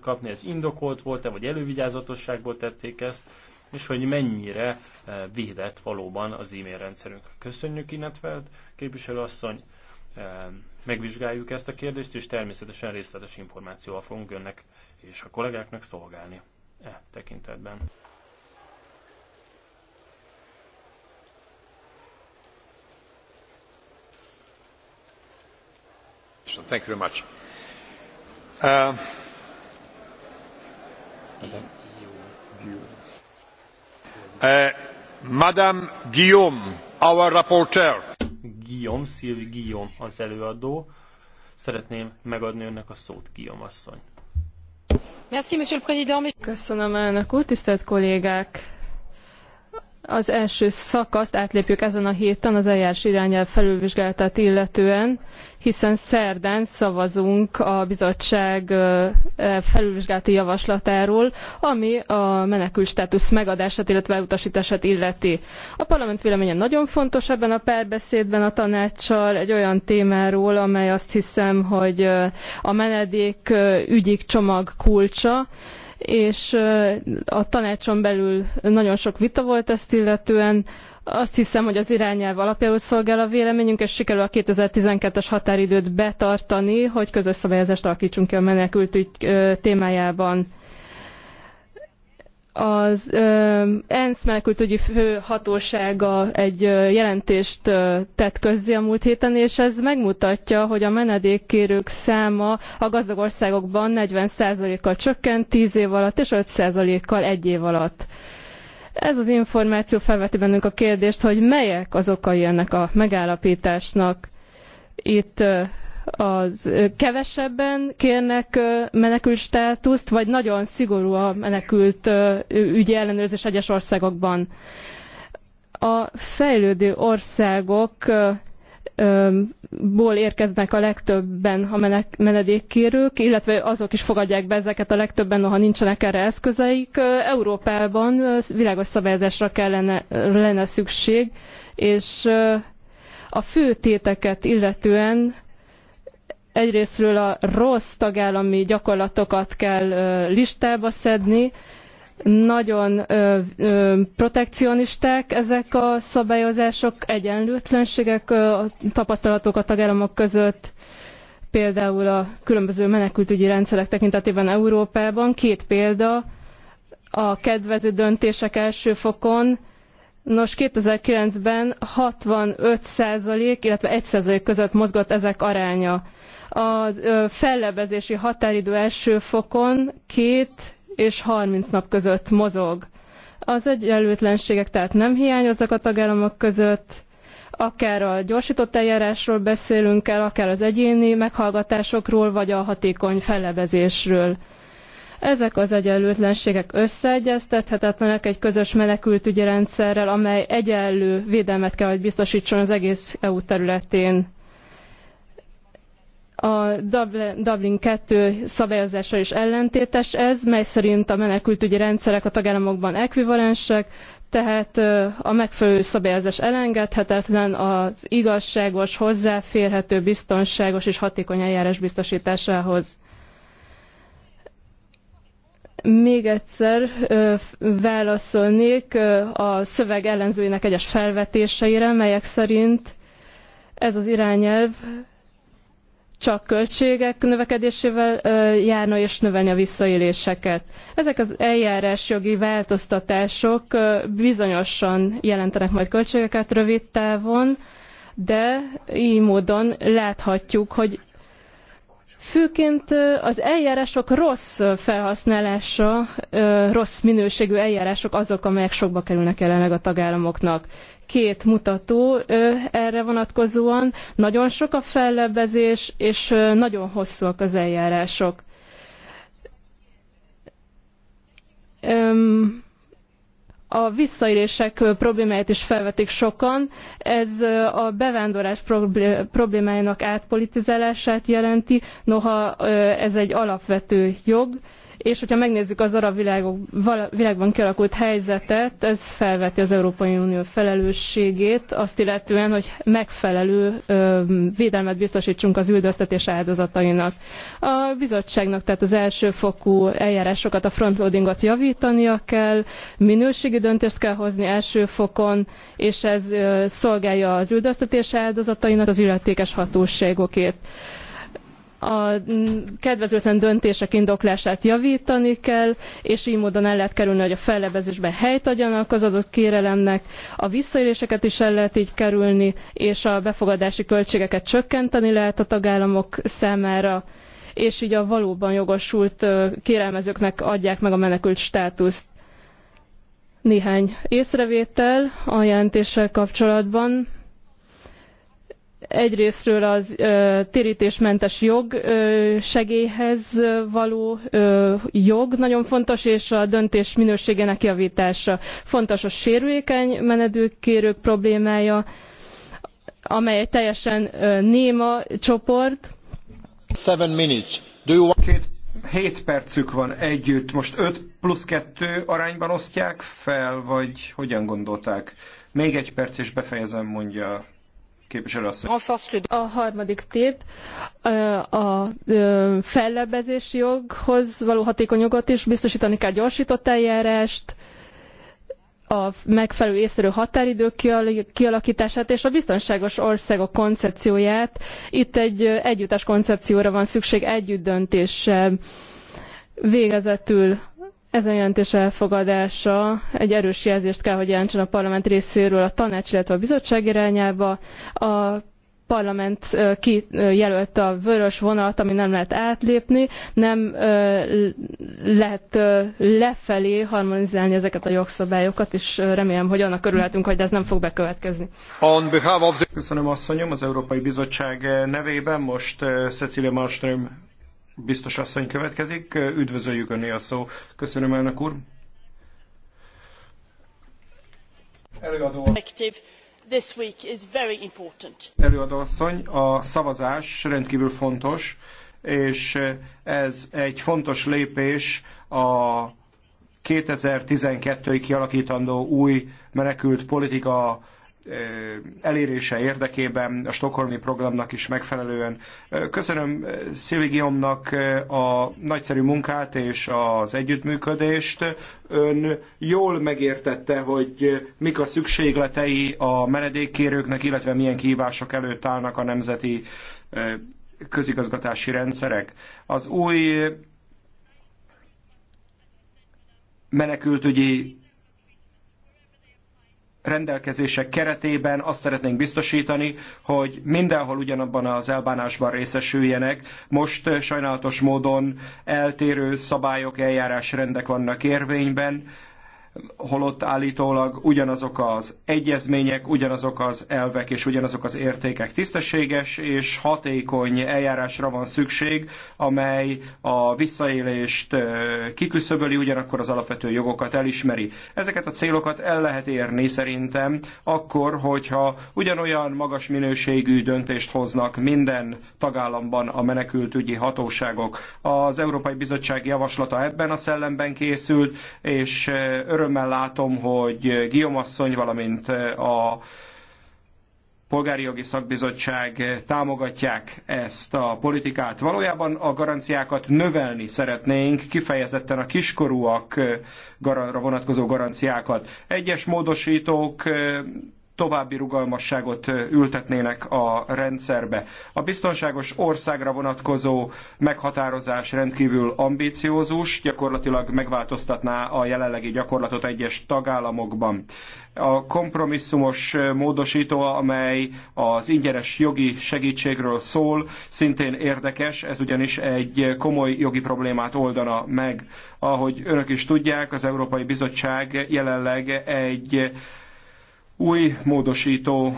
kapni, ez indokolt volt-e, vagy elővigyázatosságból tették ezt, és hogy mennyire eh, védett valóban az e-mail rendszerünk. Köszönjük, illetve képviselőasszony, eh, megvizsgáljuk ezt a kérdést, és természetesen részletes információval fogunk önnek és a kollégáknak szolgálni e tekintetben. thank you very much. Uh, Eh, Guillaume, our rapporteur. Guillaume, Sylvie Guillaume az előadó. Szeretném megadni önnek a szót, Guillaume asszony. Köszönöm elnök úr, tisztelt kollégák! az első szakaszt átlépjük ezen a héten az eljárás irányelv felülvizsgálatát illetően, hiszen szerdán szavazunk a bizottság e, felülvizsgálati javaslatáról, ami a menekült státusz megadását, illetve elutasítását illeti. A parlament véleménye nagyon fontos ebben a párbeszédben a tanácssal egy olyan témáról, amely azt hiszem, hogy a menedék ügyik csomag kulcsa, és a tanácson belül nagyon sok vita volt ezt illetően. Azt hiszem, hogy az irányelv alapjául szolgál a véleményünk, és sikerül a 2012-es határidőt betartani, hogy közös szabályozást alakítsunk ki a menekültügy témájában az ö, ENSZ menekültügyi főhatósága egy jelentést tett közzé a múlt héten, és ez megmutatja, hogy a menedékkérők száma a gazdag országokban 40%-kal csökkent 10 év alatt, és 5%-kal egy év alatt. Ez az információ felveti bennünk a kérdést, hogy melyek az okai ennek a megállapításnak. Itt az kevesebben kérnek menekült státuszt, vagy nagyon szigorú a menekült ügyi ellenőrzés egyes országokban. A fejlődő országokból érkeznek a legtöbben a menedékkérők, illetve azok is fogadják be ezeket a legtöbben, noha nincsenek erre eszközeik. Európában világos szabályozásra kellene lenne szükség, és a fő téteket illetően Egyrésztről a rossz tagállami gyakorlatokat kell listába szedni, nagyon ö, ö, protekcionisták ezek a szabályozások, egyenlőtlenségek ö, tapasztalatok a tagállamok között, például a különböző menekültügyi rendszerek tekintetében Európában. Két példa, a kedvező döntések első fokon, Nos, 2009-ben 65 százalék, illetve 1 százalék között mozgott ezek aránya a fellebezési határidő első fokon két és 30 nap között mozog. Az egyenlőtlenségek tehát nem hiányoznak a tagállamok között, akár a gyorsított eljárásról beszélünk el, akár az egyéni meghallgatásokról, vagy a hatékony fellebezésről. Ezek az egyenlőtlenségek összeegyeztethetetlenek egy közös menekültügyi rendszerrel, amely egyenlő védelmet kell, hogy biztosítson az egész EU területén. A Dublin 2 szabályozása is ellentétes ez, mely szerint a menekültügyi rendszerek a tagállamokban ekvivalensek, tehát a megfelelő szabályozás elengedhetetlen az igazságos, hozzáférhető, biztonságos és hatékony eljárás biztosításához. Még egyszer válaszolnék a szöveg ellenzőinek egyes felvetéseire, melyek szerint ez az irányelv csak költségek növekedésével járna és növelni a visszaéléseket. Ezek az eljárásjogi változtatások bizonyosan jelentenek majd költségeket rövid távon, de így módon láthatjuk, hogy főként az eljárások rossz felhasználása, rossz minőségű eljárások azok, amelyek sokba kerülnek jelenleg a tagállamoknak két mutató erre vonatkozóan. Nagyon sok a fellebbezés, és nagyon hosszúak az eljárások. A visszaélések problémáját is felvetik sokan. Ez a bevándorlás problémájának átpolitizálását jelenti, noha ez egy alapvető jog, és hogyha megnézzük az arab világok, világban kialakult helyzetet, ez felveti az Európai Unió felelősségét, azt illetően, hogy megfelelő ö, védelmet biztosítsunk az üldöztetés áldozatainak. A bizottságnak tehát az elsőfokú eljárásokat, a frontloadingot javítania kell, minőségi döntést kell hozni első fokon, és ez szolgálja az üldöztetés áldozatainak, az illetékes hatóságokét a kedvezőtlen döntések indoklását javítani kell, és így módon el lehet kerülni, hogy a fellebezésben helyt adjanak az adott kérelemnek, a visszaéléseket is el lehet így kerülni, és a befogadási költségeket csökkenteni lehet a tagállamok számára, és így a valóban jogosult kérelmezőknek adják meg a menekült státuszt. Néhány észrevétel a jelentéssel kapcsolatban egyrésztről az ö, térítésmentes jog ö, segélyhez való ö, jog nagyon fontos, és a döntés minőségének javítása. Fontos a sérülékeny menedőkérők problémája, amely egy teljesen ö, néma csoport. Seven minutes. Do you want... Két, hét percük van együtt. Most öt plusz kettő arányban osztják fel, vagy hogyan gondolták? Még egy perc és befejezem, mondja a harmadik tét a fellebbezési joghoz való hatékony jogot is biztosítani kell gyorsított eljárást, a megfelelő észszerű határidők kialakítását és a biztonságos országok koncepcióját. Itt egy együttes koncepcióra van szükség együttdöntés végezetül ezen jelentés elfogadása egy erős jelzést kell, hogy jelentsen a parlament részéről a tanács, illetve a bizottság irányába. A parlament kijelölte a vörös vonalat, ami nem lehet átlépni, nem lehet lefelé harmonizálni ezeket a jogszabályokat, és remélem, hogy annak örülhetünk, hogy ez nem fog bekövetkezni. Köszönöm asszonyom, az Európai Bizottság nevében most Cecilia Malmström Biztos asszony következik. Üdvözöljük Önné a szó. Köszönöm, elnök úr. Előadó. This week is very important. Előadó asszony, a szavazás rendkívül fontos, és ez egy fontos lépés a 2012-ig kialakítandó új menekült politika elérése érdekében a Stockholmi programnak is megfelelően. Köszönöm Szilvi a nagyszerű munkát és az együttműködést. Ön jól megértette, hogy mik a szükségletei a menedékkérőknek, illetve milyen kihívások előtt állnak a nemzeti közigazgatási rendszerek. Az új menekültügyi rendelkezések keretében azt szeretnénk biztosítani, hogy mindenhol ugyanabban az elbánásban részesüljenek. Most eh, sajnálatos módon eltérő szabályok, eljárásrendek vannak érvényben, holott állítólag ugyanazok az egyezmények, ugyanazok az elvek és ugyanazok az értékek. Tisztességes és hatékony eljárásra van szükség, amely a visszaélést kiküszöböli, ugyanakkor az alapvető jogokat elismeri. Ezeket a célokat el lehet érni szerintem akkor, hogyha ugyanolyan magas minőségű döntést hoznak minden tagállamban a menekültügyi hatóságok. Az Európai Bizottság javaslata ebben a szellemben készült, és örök örömmel látom, hogy Guillaume asszony, valamint a Polgári Jogi Szakbizottság támogatják ezt a politikát. Valójában a garanciákat növelni szeretnénk, kifejezetten a kiskorúak vonatkozó garanciákat. Egyes módosítók további rugalmasságot ültetnének a rendszerbe. A biztonságos országra vonatkozó meghatározás rendkívül ambiciózus, gyakorlatilag megváltoztatná a jelenlegi gyakorlatot egyes tagállamokban. A kompromisszumos módosító, amely az ingyenes jogi segítségről szól, szintén érdekes, ez ugyanis egy komoly jogi problémát oldana meg. Ahogy önök is tudják, az Európai Bizottság jelenleg egy új módosító,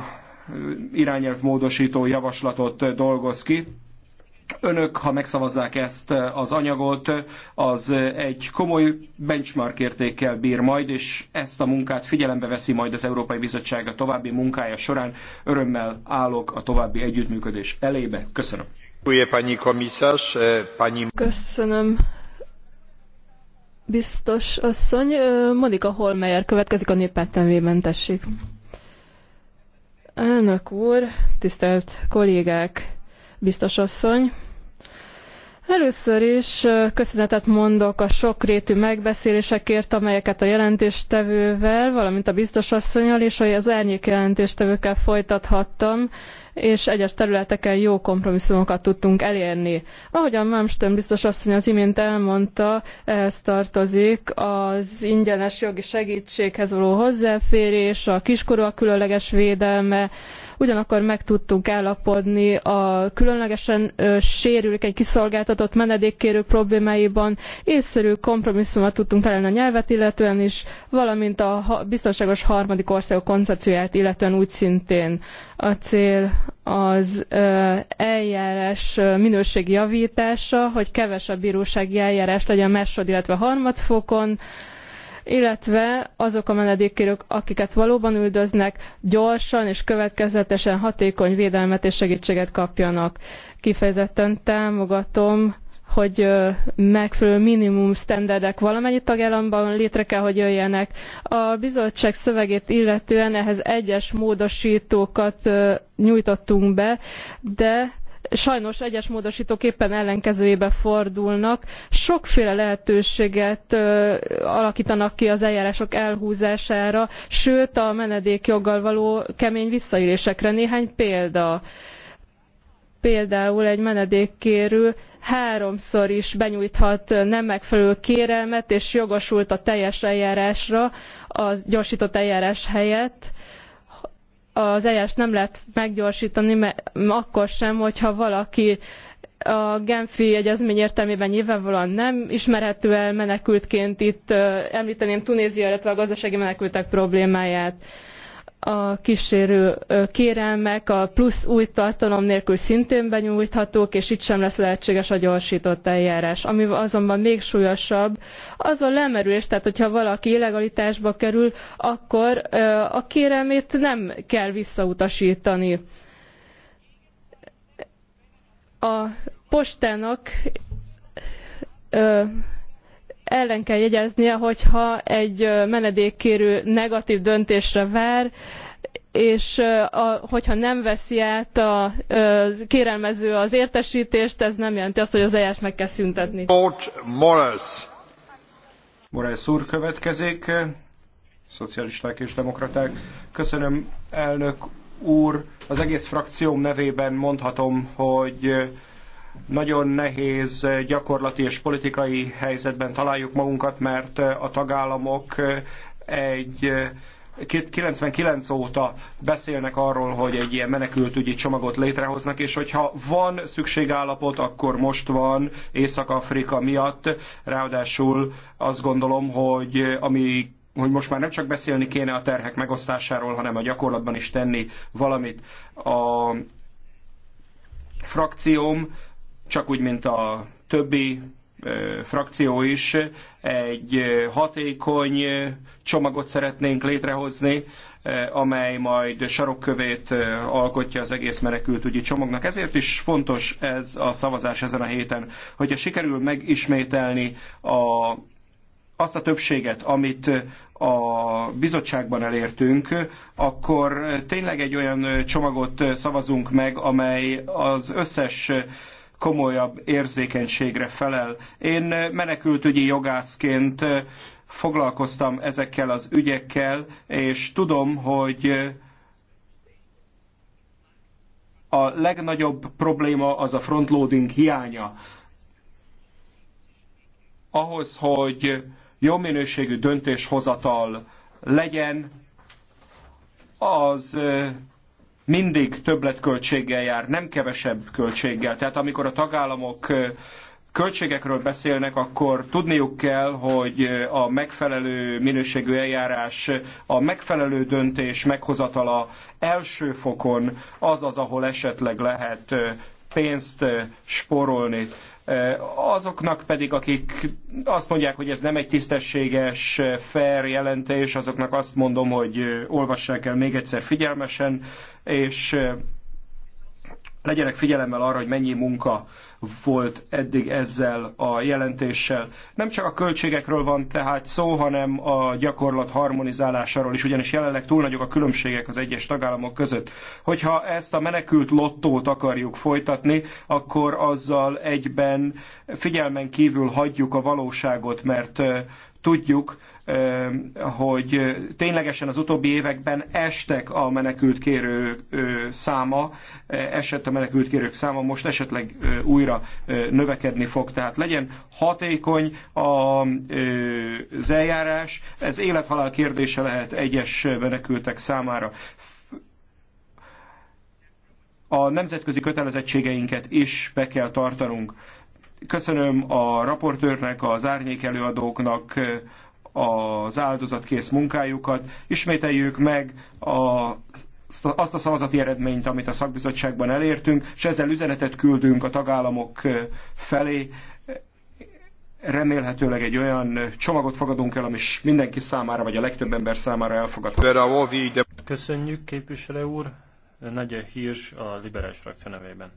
irányelv módosító javaslatot dolgoz ki. Önök, ha megszavazzák ezt az anyagot, az egy komoly benchmark értékkel bír majd, és ezt a munkát figyelembe veszi majd az Európai Bizottság a további munkája során. Örömmel állok a további együttműködés elébe. Köszönöm. E, Köszönöm, Biztos asszony, Monika Holmeyer következik a néppárt nevében, tessék. Elnök úr, tisztelt kollégák, biztos asszony. Először is köszönetet mondok a sokrétű megbeszélésekért, amelyeket a jelentéstevővel, valamint a biztos asszonyal és az árnyék jelentéstevőkkel folytathattam, és egyes területeken jó kompromisszumokat tudtunk elérni. Ahogyan Malmström biztos asszony az imént elmondta, ehhez tartozik az ingyenes jogi segítséghez való hozzáférés, a kiskorúak különleges védelme, Ugyanakkor meg tudtunk állapodni a különlegesen sérülékeny kiszolgáltatott menedékkérők problémáiban, észszerű kompromisszumot tudtunk találni a nyelvet illetően is, valamint a biztonságos harmadik országok koncepcióját illetően úgy szintén a cél az eljárás minőségi javítása, hogy kevesebb bírósági eljárás legyen másod, illetve harmadfokon, illetve azok a menedékkérők, akiket valóban üldöznek, gyorsan és következetesen hatékony védelmet és segítséget kapjanak. Kifejezetten támogatom hogy megfelelő minimum standardek valamennyi tagállamban létre kell, hogy jöjjenek. A bizottság szövegét illetően ehhez egyes módosítókat nyújtottunk be, de Sajnos egyes módosítók éppen ellenkezőjébe fordulnak. Sokféle lehetőséget ö, alakítanak ki az eljárások elhúzására, sőt a menedékjoggal való kemény visszaélésekre. Néhány példa. Például egy menedékkérő háromszor is benyújthat nem megfelelő kérelmet, és jogosult a teljes eljárásra, a gyorsított eljárás helyett az eljárást nem lehet meggyorsítani, mert akkor sem, hogyha valaki a Genfi egyezmény értelmében nyilvánvalóan nem ismerhető el menekültként. Itt említeném Tunézia, illetve a gazdasági menekültek problémáját a kísérő kérelmek a plusz új tartalom nélkül szintén benyújthatók, és itt sem lesz lehetséges a gyorsított eljárás. Ami azonban még súlyosabb, az a lemerülés, tehát hogyha valaki illegalitásba kerül, akkor a kérelmét nem kell visszautasítani. A postának ellen kell jegyeznie, hogyha egy menedékkérő negatív döntésre vár, és a, hogyha nem veszi át a, a kérelmező az értesítést, ez nem jelenti azt, hogy az eljárás meg kell szüntetni. Morales. Morales úr következik, szocialisták és demokraták. Köszönöm, elnök úr. Az egész frakcióm nevében mondhatom, hogy nagyon nehéz eh, gyakorlati és politikai helyzetben találjuk magunkat, mert eh, a tagállamok eh, egy 99 óta beszélnek arról, hogy egy ilyen menekültügyi csomagot létrehoznak, és hogyha van szükségállapot, akkor most van Észak-Afrika miatt. Ráadásul azt gondolom, hogy ami hogy most már nem csak beszélni kéne a terhek megosztásáról, hanem a gyakorlatban is tenni valamit. A frakcióm csak úgy, mint a többi frakció is egy hatékony csomagot szeretnénk létrehozni, amely majd sarokkövét alkotja az egész menekültügyi csomagnak. Ezért is fontos ez a szavazás ezen a héten, hogyha sikerül megismételni a, azt a többséget, amit a bizottságban elértünk, akkor tényleg egy olyan csomagot szavazunk meg, amely az összes komolyabb érzékenységre felel. Én menekültügyi jogászként foglalkoztam ezekkel az ügyekkel, és tudom, hogy a legnagyobb probléma az a frontloading hiánya. Ahhoz, hogy jó minőségű döntéshozatal legyen, az mindig többletköltséggel jár, nem kevesebb költséggel. Tehát amikor a tagállamok költségekről beszélnek, akkor tudniuk kell, hogy a megfelelő minőségű eljárás, a megfelelő döntés meghozatala első fokon az az, ahol esetleg lehet pénzt sporolni. Azoknak pedig, akik azt mondják, hogy ez nem egy tisztességes, fair jelentés, azoknak azt mondom, hogy olvassák el még egyszer figyelmesen, és legyenek figyelemmel arra, hogy mennyi munka volt eddig ezzel a jelentéssel. Nem csak a költségekről van tehát szó, hanem a gyakorlat harmonizálásáról is, ugyanis jelenleg túl nagyok a különbségek az egyes tagállamok között. Hogyha ezt a menekült lottót akarjuk folytatni, akkor azzal egyben figyelmen kívül hagyjuk a valóságot, mert tudjuk, hogy ténylegesen az utóbbi években estek a menekültkérő száma, esett a menekültkérők száma, most esetleg újra növekedni fog. Tehát legyen hatékony az eljárás, ez élethalál kérdése lehet egyes menekültek számára a nemzetközi kötelezettségeinket is be kell tartanunk. Köszönöm a raportőrnek, az árnyék előadóknak az áldozatkész munkájukat. Ismételjük meg a azt a szavazati eredményt, amit a szakbizottságban elértünk, és ezzel üzenetet küldünk a tagállamok felé. Remélhetőleg egy olyan csomagot fogadunk el, ami mindenki számára, vagy a legtöbb ember számára elfogadható. Köszönjük, képviselő úr! Nagy Hírs a liberális frakció nevében.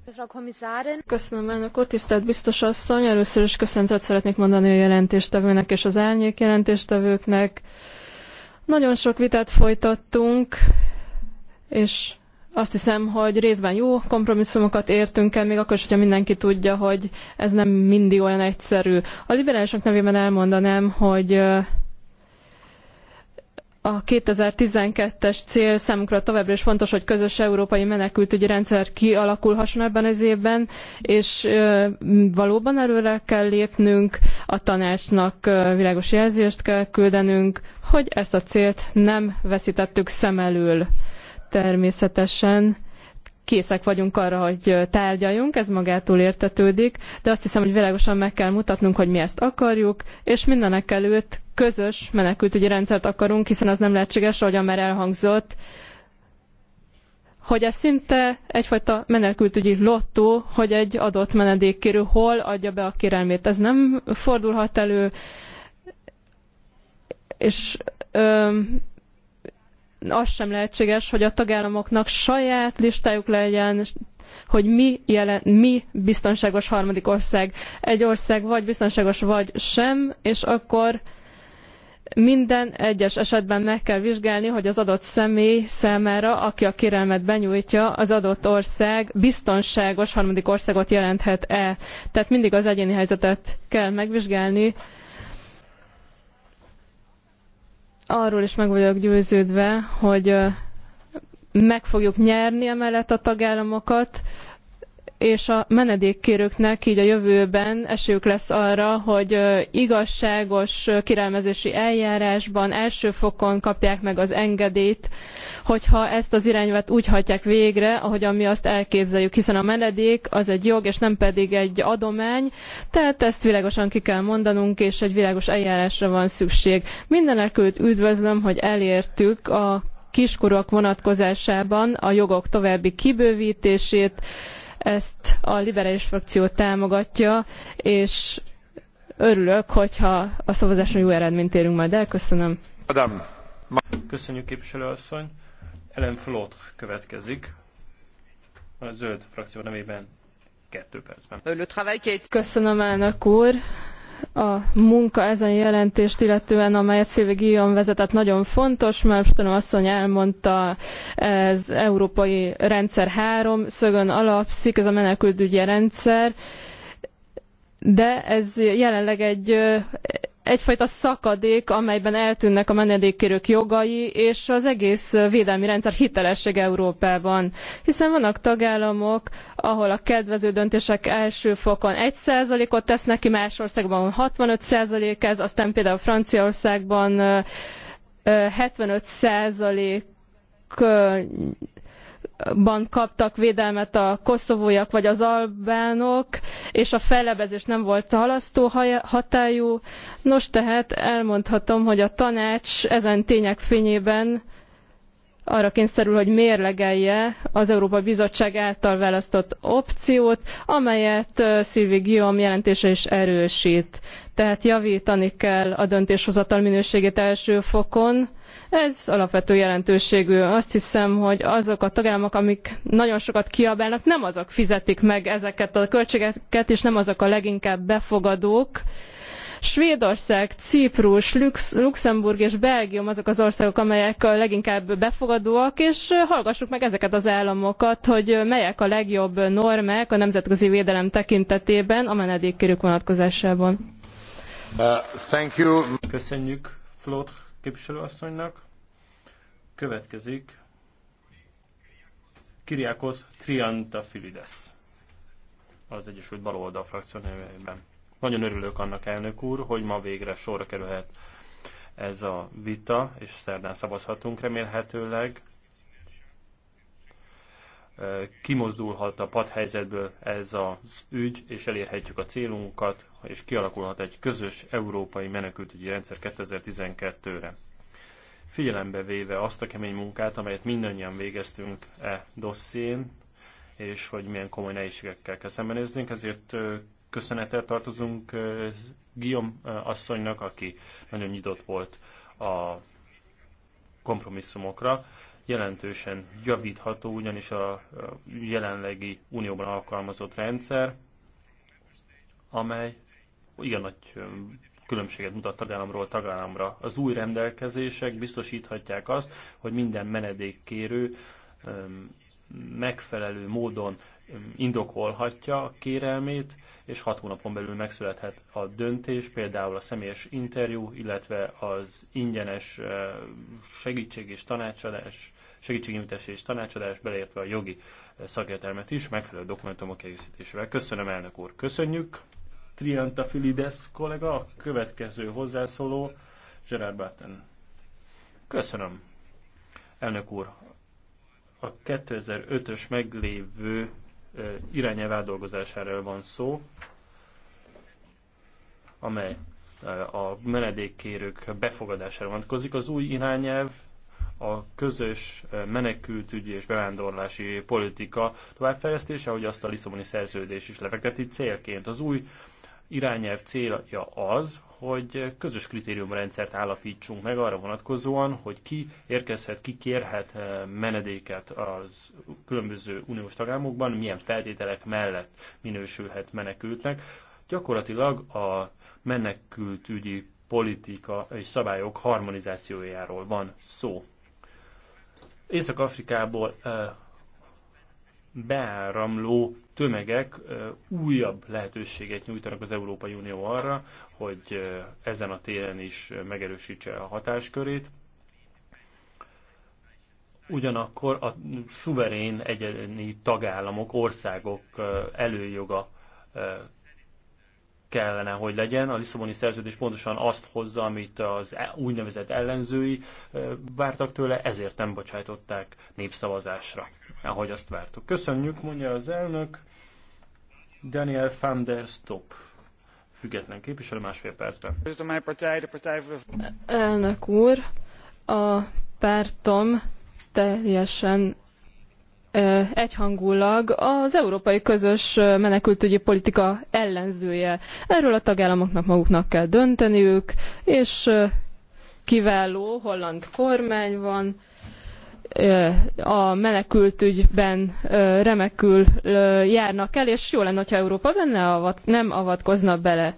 Köszönöm, elnök úr, tisztelt biztos asszony. Először is köszöntet szeretnék mondani a jelentéstevőnek és az árnyék jelentéstevőknek. Nagyon sok vitát folytattunk, és azt hiszem, hogy részben jó kompromisszumokat értünk el, még akkor is, hogyha mindenki tudja, hogy ez nem mindig olyan egyszerű. A liberálisok nevében elmondanám, hogy a 2012-es cél számunkra továbbra is fontos, hogy közös európai menekültügyi rendszer kialakulhasson ebben az évben, és valóban erőre kell lépnünk, a tanácsnak világos jelzést kell küldenünk, hogy ezt a célt nem veszítettük szem elől. Természetesen készek vagyunk arra, hogy tárgyaljunk, ez magától értetődik, de azt hiszem, hogy világosan meg kell mutatnunk, hogy mi ezt akarjuk, és mindenek előtt közös menekültügyi rendszert akarunk, hiszen az nem lehetséges, ahogyan már elhangzott, hogy ez szinte egyfajta menekültügyi lottó, hogy egy adott menedékkérő hol adja be a kérelmét. Ez nem fordulhat elő, és öm, az sem lehetséges, hogy a tagállamoknak saját listájuk legyen, hogy mi, jelen, mi biztonságos harmadik ország. Egy ország vagy biztonságos, vagy sem, és akkor minden egyes esetben meg kell vizsgálni, hogy az adott személy számára, aki a kérelmet benyújtja, az adott ország biztonságos harmadik országot jelenthet-e. Tehát mindig az egyéni helyzetet kell megvizsgálni, arról is meg vagyok győződve, hogy meg fogjuk nyerni emellett a tagállamokat, és a menedékkérőknek így a jövőben esők lesz arra, hogy igazságos kérelmezési eljárásban első fokon kapják meg az engedélyt, hogyha ezt az irányvet úgy hajtják végre, ahogyan mi azt elképzeljük, hiszen a menedék az egy jog, és nem pedig egy adomány, tehát ezt világosan ki kell mondanunk, és egy világos eljárásra van szükség. Mindenekült üdvözlöm, hogy elértük a kiskorúak vonatkozásában a jogok további kibővítését, ezt a liberális frakció támogatja, és örülök, hogyha a szavazáson jó eredményt érünk majd el. Köszönöm. Adam. Köszönjük képviselőasszony. Ellen Flott következik. A zöld frakció nevében kettő percben. Köszönöm elnök úr a munka ezen jelentést illetően, amelyet Szilvi Guillaume vezetett, nagyon fontos, mert Stanom asszony elmondta, ez európai rendszer három szögön alapszik, ez a menekültügyi rendszer, de ez jelenleg egy egyfajta szakadék, amelyben eltűnnek a menedékkérők jogai, és az egész védelmi rendszer hitelesség Európában. Hiszen vannak tagállamok, ahol a kedvező döntések első fokon 1%-ot tesznek ki, más országban 65% ez, aztán például Franciaországban 75% ban kaptak védelmet a koszovóiak vagy az albánok, és a fellebezés nem volt halasztó hatályú. Nos, tehát elmondhatom, hogy a tanács ezen tények fényében arra kényszerül, hogy mérlegelje az Európa Bizottság által választott opciót, amelyet Szilvi Guillaume jelentése is erősít. Tehát javítani kell a döntéshozatal minőségét első fokon, ez alapvető jelentőségű. Azt hiszem, hogy azok a tagállamok, amik nagyon sokat kiabálnak, nem azok fizetik meg ezeket a költségeket, és nem azok a leginkább befogadók, Svédország, Ciprus, Lux, Luxemburg és Belgium azok az országok, amelyek a leginkább befogadóak, és hallgassuk meg ezeket az államokat, hogy melyek a legjobb normák a nemzetközi védelem tekintetében a menedékkérők vonatkozásában. Uh, Köszönjük, Flót képviselőasszonynak. Következik Kiriakos Triantafilides az Egyesült Baloldal frakció nevében. Nagyon örülök annak, elnök úr, hogy ma végre sorra kerülhet ez a vita, és szerdán szavazhatunk remélhetőleg kimozdulhat a padhelyzetből ez az ügy, és elérhetjük a célunkat, és kialakulhat egy közös európai menekültügyi rendszer 2012-re. Figyelembe véve azt a kemény munkát, amelyet mindannyian végeztünk e dosszén, és hogy milyen komoly nehézségekkel kell szembenéznünk, ezért köszönettel tartozunk Guillaume asszonynak, aki nagyon nyitott volt a kompromisszumokra jelentősen javítható, ugyanis a jelenlegi unióban alkalmazott rendszer, amely igen nagy különbséget mutat tagállamról tagállamra. Az új rendelkezések biztosíthatják azt, hogy minden menedékkérő megfelelő módon indokolhatja a kérelmét, és hat hónapon belül megszülethet a döntés, például a személyes interjú, illetve az ingyenes segítség és tanácsadás segítségnyújtás és tanácsadás, beleértve a jogi eh, szakértelmet is, megfelelő dokumentumok egészítésével. Köszönöm, elnök úr. Köszönjük. Trianta Filides kollega, a következő hozzászóló, Gerard Batten. Köszönöm. Elnök úr, a 2005-ös meglévő eh, irányelv átdolgozásáról van szó, amely eh, a menedékkérők befogadására vonatkozik. Az új irányelv a közös eh, menekültügyi és bevándorlási politika továbbfejlesztése, hogy azt a Lisszaboni szerződés is lefekteti célként. Az új irányelv célja az, hogy közös kritériumrendszert állapítsunk meg arra vonatkozóan, hogy ki érkezhet, ki kérhet eh, menedéket az különböző uniós tagállamokban, milyen feltételek mellett minősülhet menekültnek. Gyakorlatilag a menekültügyi politika és szabályok harmonizációjáról van szó. Észak-Afrikából beáramló tömegek újabb lehetőséget nyújtanak az Európai Unió arra, hogy ezen a téren is megerősítse a hatáskörét. Ugyanakkor a szuverén egyeni tagállamok, országok előjoga kellene, hogy legyen. A Lisszaboni szerződés pontosan azt hozza, amit az e- úgynevezett ellenzői vártak tőle, ezért nem bocsájtották népszavazásra, ahogy azt vártuk. Köszönjük, mondja az elnök. Daniel van der Stop független képviselő másfél percben. Elnök úr, a pártom teljesen egyhangulag az európai közös menekültügyi politika ellenzője. Erről a tagállamoknak maguknak kell dönteniük, és kiváló holland kormány van, a menekültügyben remekül járnak el, és jó lenne, ha Európa benne avat, nem avatkozna bele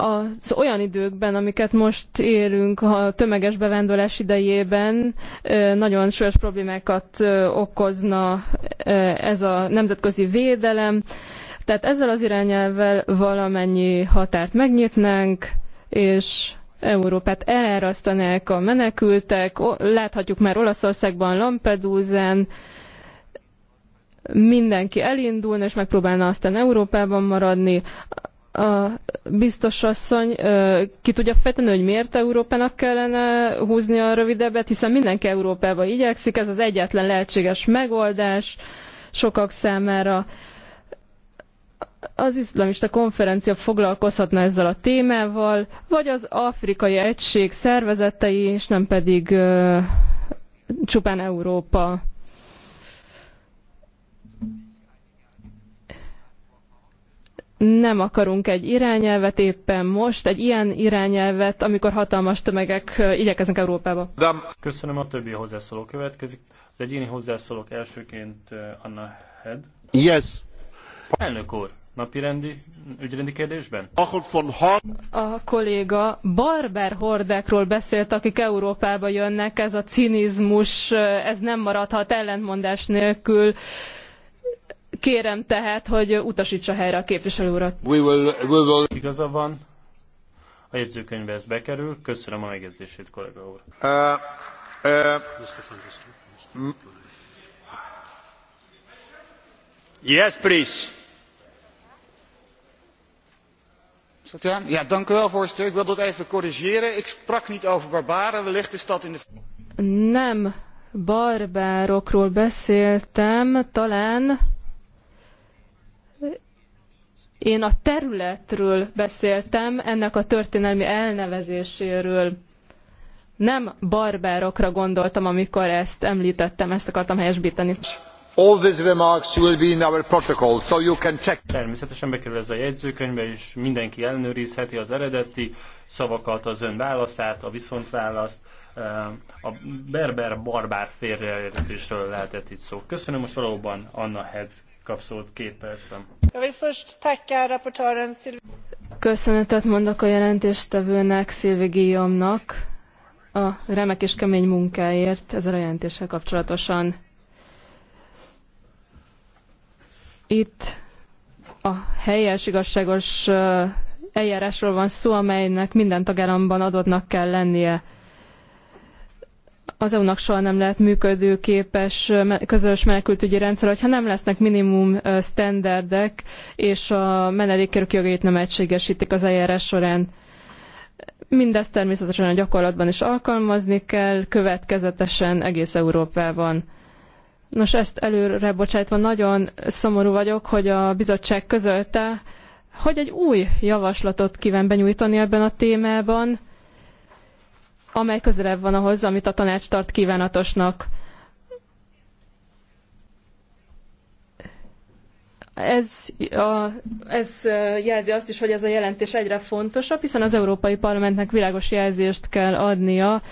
az olyan időkben, amiket most élünk a tömeges bevándorlás idejében, nagyon súlyos problémákat okozna ez a nemzetközi védelem. Tehát ezzel az irányelvvel valamennyi határt megnyitnánk, és Európát elárasztanák a menekültek. Láthatjuk már Olaszországban, Lampedusán, mindenki elindulna, és megpróbálna aztán Európában maradni a biztos asszony ki tudja fejteni, hogy miért Európának kellene húzni a rövidebbet, hiszen mindenki Európába igyekszik, ez az egyetlen lehetséges megoldás sokak számára. Az iszlamista konferencia foglalkozhatna ezzel a témával, vagy az afrikai egység szervezetei, és nem pedig csupán Európa. nem akarunk egy irányelvet éppen most, egy ilyen irányelvet, amikor hatalmas tömegek igyekeznek Európába. Köszönöm a többi hozzászóló következik. Az egyéni hozzászólók elsőként Anna Head. Yes. Elnök úr, napirendi ügyrendi kérdésben? A kolléga barber hordákról beszélt, akik Európába jönnek, ez a cinizmus, ez nem maradhat ellentmondás nélkül Kérem tehát, hogy utasítsa helyre a képviselő urat. We will, we will. Igaza van, a jegyzőkönyvbe ez bekerül. Köszönöm a megjegyzését, kollega úr. Uh, uh, yes, please. Ja, dank u wel, voorzitter. Ik wil dat even corrigeren. Ik sprak niet over barbaren. Wellicht is dat in de... Nem barbárokról beszéltem, talán én a területről beszéltem, ennek a történelmi elnevezéséről. Nem barbárokra gondoltam, amikor ezt említettem, ezt akartam helyesbíteni. All these remarks will be in our protocol, so you can check. Természetesen bekerül ez a jegyzőkönyvbe, és mindenki ellenőrizheti az eredeti szavakat, az ön válaszát, a viszontválaszt. Eh, a berber barbár félreértésről lehetett itt szó. Köszönöm most valóban Anna Hedv Köszönetet mondok a jelentéstevőnek, Szilvi Guillaume-nak a remek és kemény munkáért ezzel a jelentéssel kapcsolatosan. Itt a helyes, igazságos eljárásról van szó, amelynek minden tagállamban adottnak kell lennie az EU-nak soha nem lehet működőképes közös menekültügyi rendszer, ha nem lesznek minimum standardek, és a menedékkérők jogait nem egységesítik az eljárás során. Mindezt természetesen a gyakorlatban is alkalmazni kell, következetesen egész Európában. Nos, ezt előre bocsájtva nagyon szomorú vagyok, hogy a bizottság közölte, hogy egy új javaslatot kíván benyújtani ebben a témában, amely közelebb van ahhoz, amit a tanács tart kívánatosnak. Ez, a, ez jelzi azt is, hogy ez a jelentés egyre fontosabb, hiszen az Európai Parlamentnek világos jelzést kell adnia,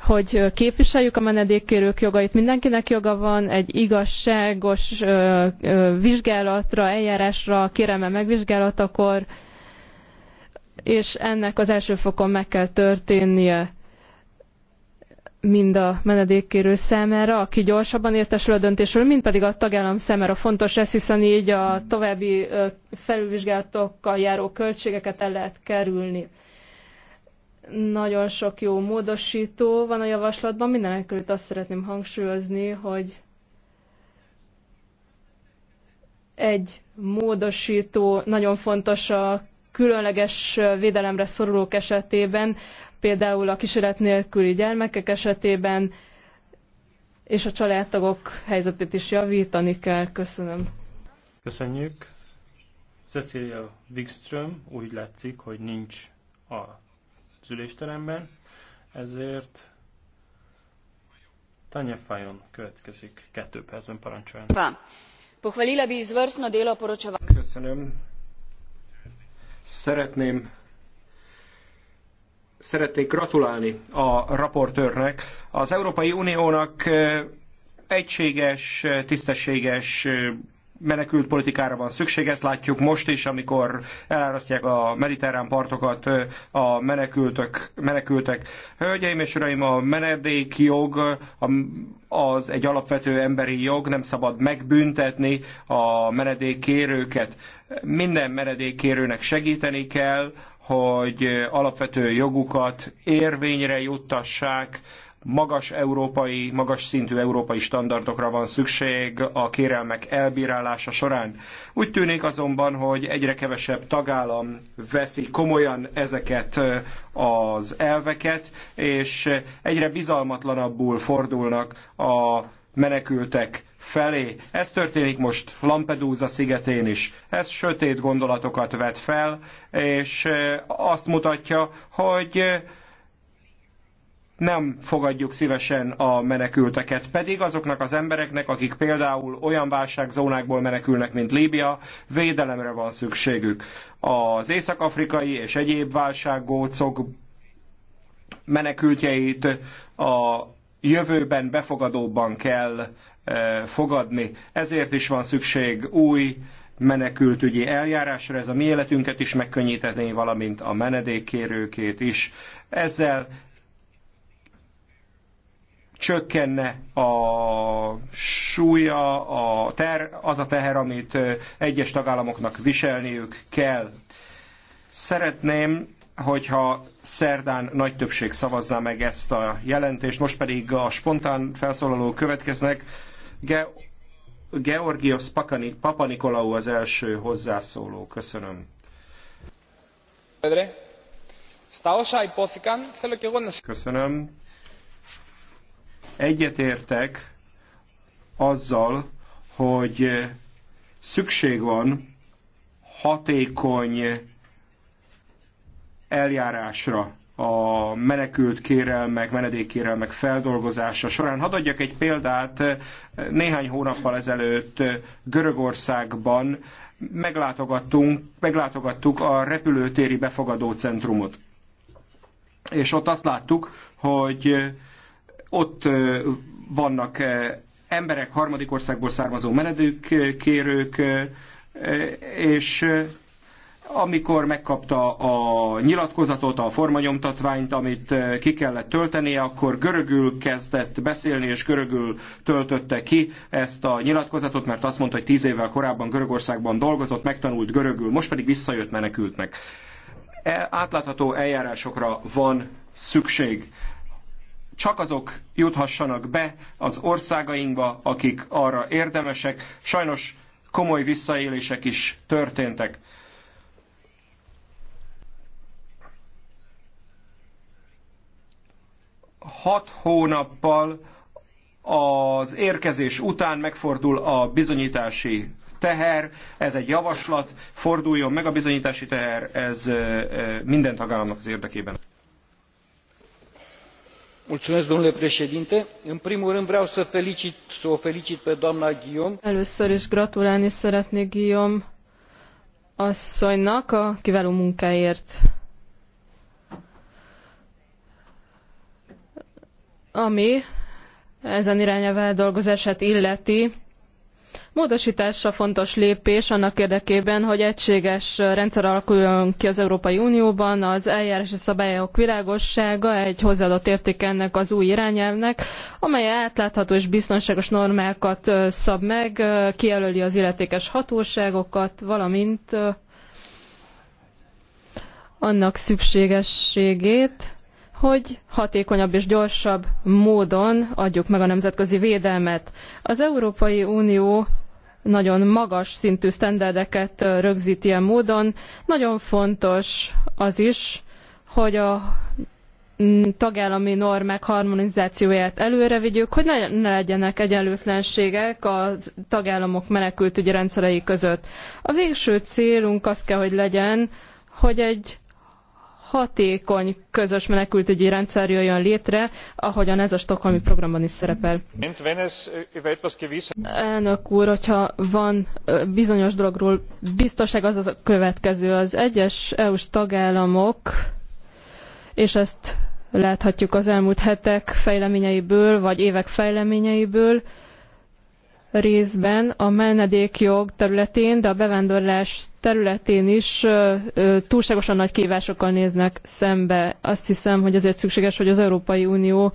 hogy képviseljük a menedékkérők jogait, mindenkinek joga van egy igazságos ö, ö, vizsgálatra, eljárásra, kérelme megvizsgálatakor, és ennek az első fokon meg kell történnie mind a menedékkérő számára, aki gyorsabban értesül a döntésről, mind pedig a tagállam számára fontos lesz, hiszen így a további felülvizsgálatokkal járó költségeket el lehet kerülni. Nagyon sok jó módosító van a javaslatban, mindenekelőtt azt szeretném hangsúlyozni, hogy egy módosító nagyon fontos a különleges védelemre szorulók esetében, például a kísérlet nélküli gyermekek esetében, és a családtagok helyzetét is javítani kell. Köszönöm. Köszönjük. Cecilia Wikström úgy látszik, hogy nincs a ülésteremben, ezért Tanya Fajon következik. Kettő percben parancsoljon. Köszönöm. Szeretném szeretnék gratulálni a raportőrnek. Az Európai Uniónak egységes, tisztességes menekült politikára van szükség, ezt látjuk most is, amikor elárasztják a mediterrán partokat a menekültök, menekültek. Hölgyeim és uraim, a menedékjog az egy alapvető emberi jog, nem szabad megbüntetni a menedékkérőket. Minden menedékkérőnek segíteni kell, hogy alapvető jogukat érvényre juttassák, magas európai, magas szintű európai standardokra van szükség a kérelmek elbírálása során. Úgy tűnik azonban, hogy egyre kevesebb tagállam veszi komolyan ezeket az elveket, és egyre bizalmatlanabbul fordulnak a menekültek felé. Ez történik most Lampedusa szigetén is. Ez sötét gondolatokat vet fel, és azt mutatja, hogy nem fogadjuk szívesen a menekülteket. Pedig azoknak az embereknek, akik például olyan válságzónákból menekülnek, mint Líbia, védelemre van szükségük. Az észak-afrikai és egyéb válsággócok menekültjeit a jövőben befogadóbban kell fogadni. Ezért is van szükség új menekültügyi eljárásra, ez a mi életünket is megkönnyíteni, valamint a menedékkérőkét is. Ezzel csökkenne a súlya, a ter, az a teher, amit egyes tagállamoknak viselniük kell. Szeretném, hogyha szerdán nagy többség szavazná meg ezt a jelentést, most pedig a spontán felszólalók következnek. Ge- Georgios Pakani, Papa Nikolaou az első hozzászóló. Köszönöm. Köszönöm. Egyetértek azzal, hogy szükség van hatékony eljárásra a menekült kérelmek, menedékkérelmek feldolgozása során. Hadd adjak egy példát, néhány hónappal ezelőtt Görögországban meglátogattunk, meglátogattuk a repülőtéri befogadó centrumot. És ott azt láttuk, hogy ott vannak emberek, harmadik országból származó menedékkérők, és amikor megkapta a nyilatkozatot, a formanyomtatványt, amit ki kellett töltenie, akkor görögül kezdett beszélni, és görögül töltötte ki ezt a nyilatkozatot, mert azt mondta, hogy tíz évvel korábban Görögországban dolgozott, megtanult görögül, most pedig visszajött menekültnek. E, átlátható eljárásokra van szükség csak azok juthassanak be az országainkba, akik arra érdemesek. Sajnos komoly visszaélések is történtek. hat hónappal az érkezés után megfordul a bizonyítási teher, ez egy javaslat, forduljon meg a bizonyítási teher, ez minden tagállamnak az érdekében. Mulțumesc, domnule președinte. În primul rând vreau să, felicit, să o felicit pe doamna Először is gratulálni szeretnék Guillaume asszonynak a kiváló munkáért. ami ezen irányelv dolgozását illeti, módosítása fontos lépés annak érdekében, hogy egységes rendszer alakuljon ki az Európai Unióban, az eljárási szabályok világossága egy hozzáadott érték ennek az új irányelvnek, amely átlátható és biztonságos normákat szab meg, kijelöli az illetékes hatóságokat, valamint annak szükségességét, hogy hatékonyabb és gyorsabb módon adjuk meg a nemzetközi védelmet. Az Európai Unió nagyon magas szintű sztenderdeket rögzít ilyen módon. Nagyon fontos az is, hogy a mm, tagállami normák harmonizációját előre vigyük, hogy ne, ne legyenek egyenlőtlenségek a tagállamok menekültügyi rendszerei között. A végső célunk az kell, hogy legyen, hogy egy hatékony közös menekültügyi rendszer jöjjön létre, ahogyan ez a stokholmi programban is szerepel. Elnök úr, hogyha van bizonyos dologról biztonság, az a következő. Az egyes EU-s tagállamok, és ezt láthatjuk az elmúlt hetek fejleményeiből, vagy évek fejleményeiből, részben a menedékjog területén, de a bevándorlás területén is túlságosan nagy kívásokkal néznek szembe. Azt hiszem, hogy ezért szükséges, hogy az Európai Unió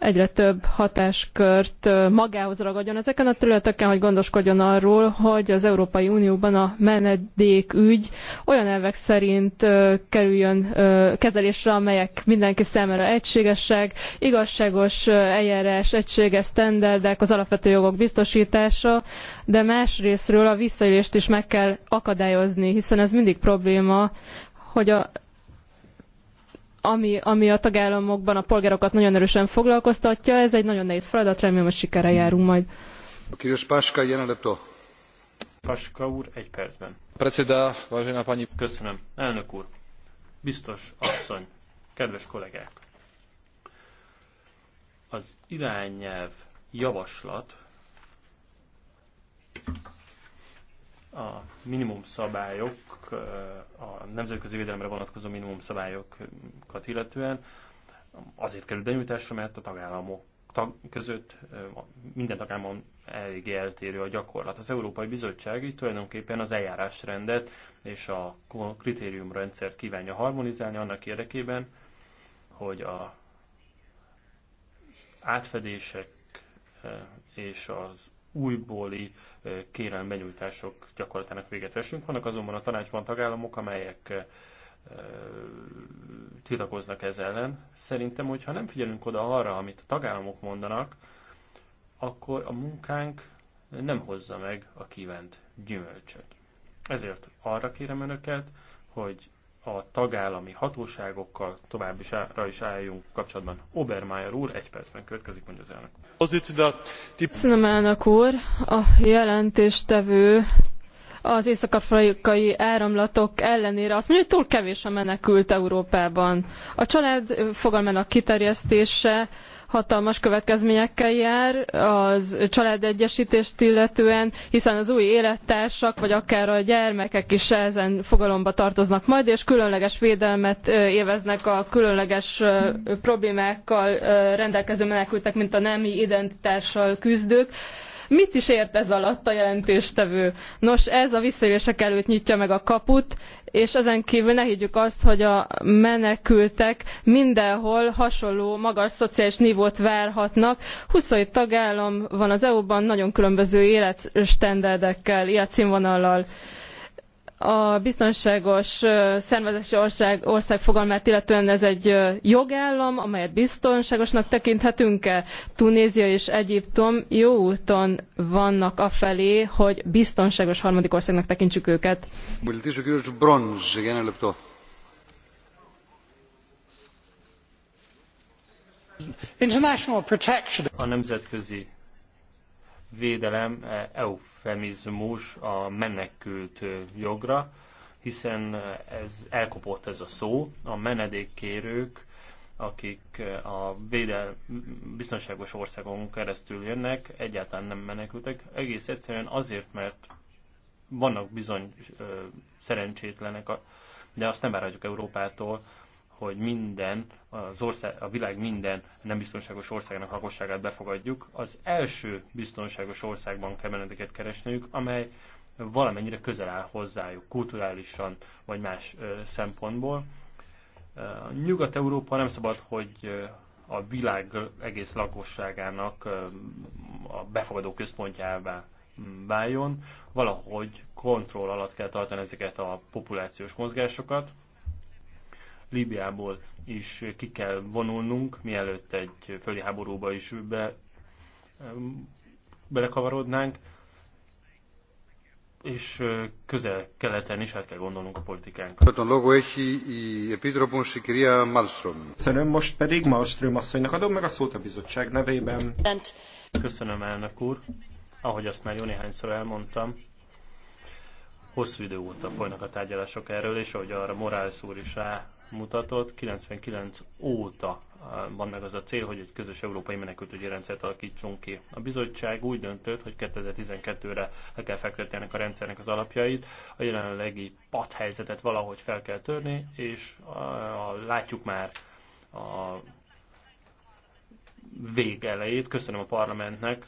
egyre több hatáskört magához ragadjon ezeken a területeken, hogy gondoskodjon arról, hogy az Európai Unióban a menedékügy olyan elvek szerint kerüljön kezelésre, amelyek mindenki számára egységesek, igazságos eljárás, egységes standardek, az alapvető jogok biztosítása, de másrésztről a visszaélést is meg kell akadályozni, hiszen ez mindig probléma, hogy a ami, ami a tagállamokban a polgárokat nagyon erősen foglalkoztatja. Ez egy nagyon nehéz feladat, remélem, hogy sikere járunk majd. Kíros Páska, jelenetó. úr, egy percben. Preceda, vážená pani. Köszönöm. Elnök úr, biztos asszony, kedves kollégák. Az irányelv javaslat a minimum szabályok, a nemzetközi védelemre vonatkozó minimum szabályokat illetően azért kerül benyújtásra, mert a tagállamok tag között minden tagállamon elég eltérő a gyakorlat. Az Európai Bizottság itt tulajdonképpen az eljárásrendet és a kritériumrendszert kívánja harmonizálni annak érdekében, hogy a átfedések és az újbóli kérelmi benyújtások gyakorlatának véget vessünk. Vannak azonban a tanácsban tagállamok, amelyek tiltakoznak ez ellen. Szerintem, hogyha nem figyelünk oda arra, amit a tagállamok mondanak, akkor a munkánk nem hozza meg a kívánt gyümölcsöt. Ezért arra kérem Önöket, hogy a tagállami hatóságokkal tovább is ára is álljunk kapcsolatban. Obermeier úr, egy percben következik, mondja az elnök. Köszönöm, elnök úr. A jelentéstevő az észak-afrikai áramlatok ellenére azt mondja, hogy túl kevés a menekült Európában. A család fogalmának kiterjesztése hatalmas következményekkel jár az családegyesítést illetően, hiszen az új élettársak, vagy akár a gyermekek is ezen fogalomba tartoznak majd, és különleges védelmet élveznek a különleges problémákkal rendelkező menekültek, mint a nemi identitással küzdők. Mit is ért ez alatt a jelentéstevő? Nos, ez a visszaélések előtt nyitja meg a kaput, és ezen kívül ne higgyük azt, hogy a menekültek mindenhol hasonló magas szociális nívót várhatnak. 27 tagállam van az EU-ban, nagyon különböző életstandardekkel, életszínvonallal a biztonságos szervezési ország, ország fogalmát illetően ez egy jogállam, amelyet biztonságosnak tekinthetünk-e? Tunézia és Egyiptom jó úton vannak afelé, hogy biztonságos harmadik országnak tekintsük őket. A nemzetközi védelem eh, eufemizmus a menekült eh, jogra, hiszen eh, ez elkopott ez a szó. A menedékkérők, akik a védel, biztonságos országon keresztül jönnek, egyáltalán nem menekültek. Egész egyszerűen azért, mert vannak bizony ö, szerencsétlenek, de azt nem várhatjuk Európától, hogy minden, az ország, a világ minden nem biztonságos országának lakosságát befogadjuk, az első biztonságos országban kell menedeket keresniük, amely valamennyire közel áll hozzájuk, kulturálisan vagy más szempontból. Nyugat-Európa nem szabad, hogy a világ egész lakosságának a befogadó központjává váljon, valahogy kontroll alatt kell tartani ezeket a populációs mozgásokat, Líbiából is ki kell vonulnunk, mielőtt egy földi háborúba is be, belekavarodnánk, és közel-keleten is át kell gondolnunk a politikánkat. Köszönöm, most pedig Malmström asszonynak adom meg a szót a bizottság nevében. Köszönöm, elnök úr. Ahogy azt már jó néhányszor elmondtam, hosszú idő óta folynak a tárgyalások erről, és ahogy arra Morales úr is rá mutatott. 99 óta eh, van meg az a cél, hogy egy közös európai menekültügyi rendszert alakítsunk ki. A bizottság úgy döntött, hogy 2012-re le kell fektetni ennek a rendszernek az alapjait, a jelenlegi padhelyzetet valahogy fel kell törni, és a, eh, a, látjuk már a vég elejét. Köszönöm a parlamentnek,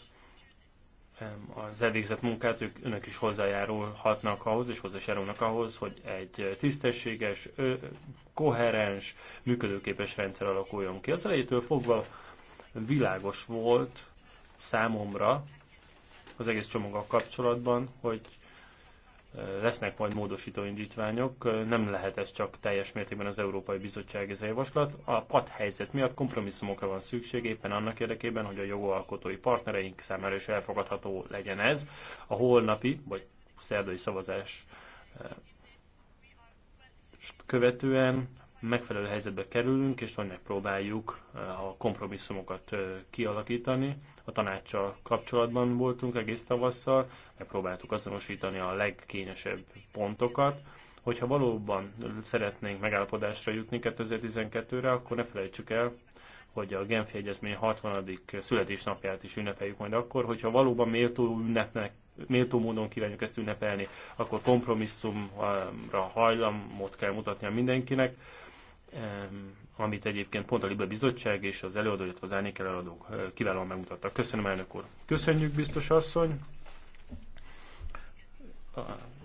az elvégzett munkát, ők önök is hozzájárulhatnak ahhoz, és hozzájárulnak ahhoz, hogy egy tisztességes, koherens, működőképes rendszer alakuljon ki. Az elejétől fogva világos volt számomra az egész csomaggal kapcsolatban, hogy lesznek majd módosító indítványok, nem lehet ez csak teljes mértékben az Európai Bizottság ez a javaslat. A helyzet miatt kompromisszumokra van szükség éppen annak érdekében, hogy a jogalkotói partnereink számára is elfogadható legyen ez. A holnapi, vagy szerdai szavazás eh, követően megfelelő helyzetbe kerülünk, és majd megpróbáljuk eh, a kompromisszumokat eh, kialakítani. A tanácssal kapcsolatban voltunk egész tavasszal, megpróbáltuk azonosítani a legkényesebb pontokat. Hogyha valóban szeretnénk megállapodásra jutni 2012-re, akkor ne felejtsük el, hogy a Genfi Egyezmény 60. születésnapját is ünnepeljük majd akkor, hogyha valóban méltó ünnepnek méltó módon kívánjuk ezt ünnepelni, akkor kompromisszumra hajlamot kell mutatnia mindenkinek amit egyébként pont a Libe Bizottság és az előadó, illetve az árnyék előadók kiválóan megmutattak. Köszönöm, elnök úr. Köszönjük, biztos asszony.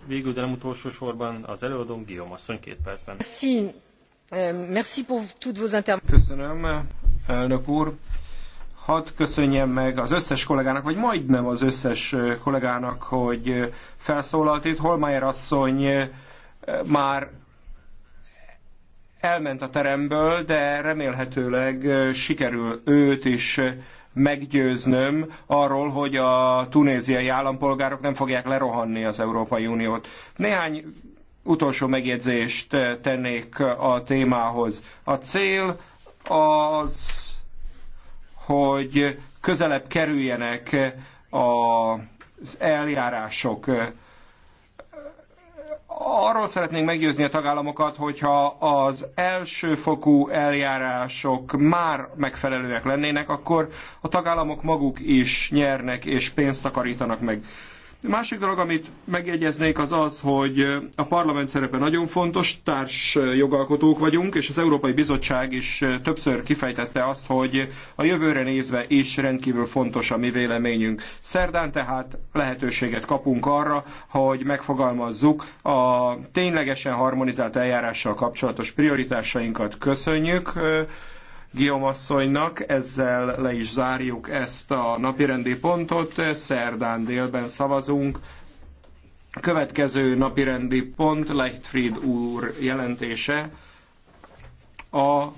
Végül, de nem utolsó sorban az előadó Guillaume asszony két percben. Merci. Merci pour toutes vos Köszönöm, elnök úr. Hadd köszönjem meg az összes kollégának, vagy majdnem az összes kollégának, hogy felszólalt itt. Holmeier asszony már elment a teremből, de remélhetőleg sikerül őt is meggyőznöm arról, hogy a tunéziai állampolgárok nem fogják lerohanni az Európai Uniót. Néhány utolsó megjegyzést tennék a témához. A cél az, hogy közelebb kerüljenek az eljárások arról szeretnénk meggyőzni a tagállamokat, hogyha az elsőfokú eljárások már megfelelőek lennének, akkor a tagállamok maguk is nyernek és pénzt takarítanak meg másik dolog, amit megjegyeznék, az az, hogy a parlament szerepe nagyon fontos, társ jogalkotók vagyunk, és az Európai Bizottság is többször kifejtette azt, hogy a jövőre nézve is rendkívül fontos a mi véleményünk. Szerdán tehát lehetőséget kapunk arra, hogy megfogalmazzuk a ténylegesen harmonizált eljárással kapcsolatos prioritásainkat. Köszönjük! Guillaume asszonynak. Ezzel le is zárjuk ezt a napirendi pontot. Szerdán délben szavazunk. A következő napirendi pont Leichtfried úr jelentése a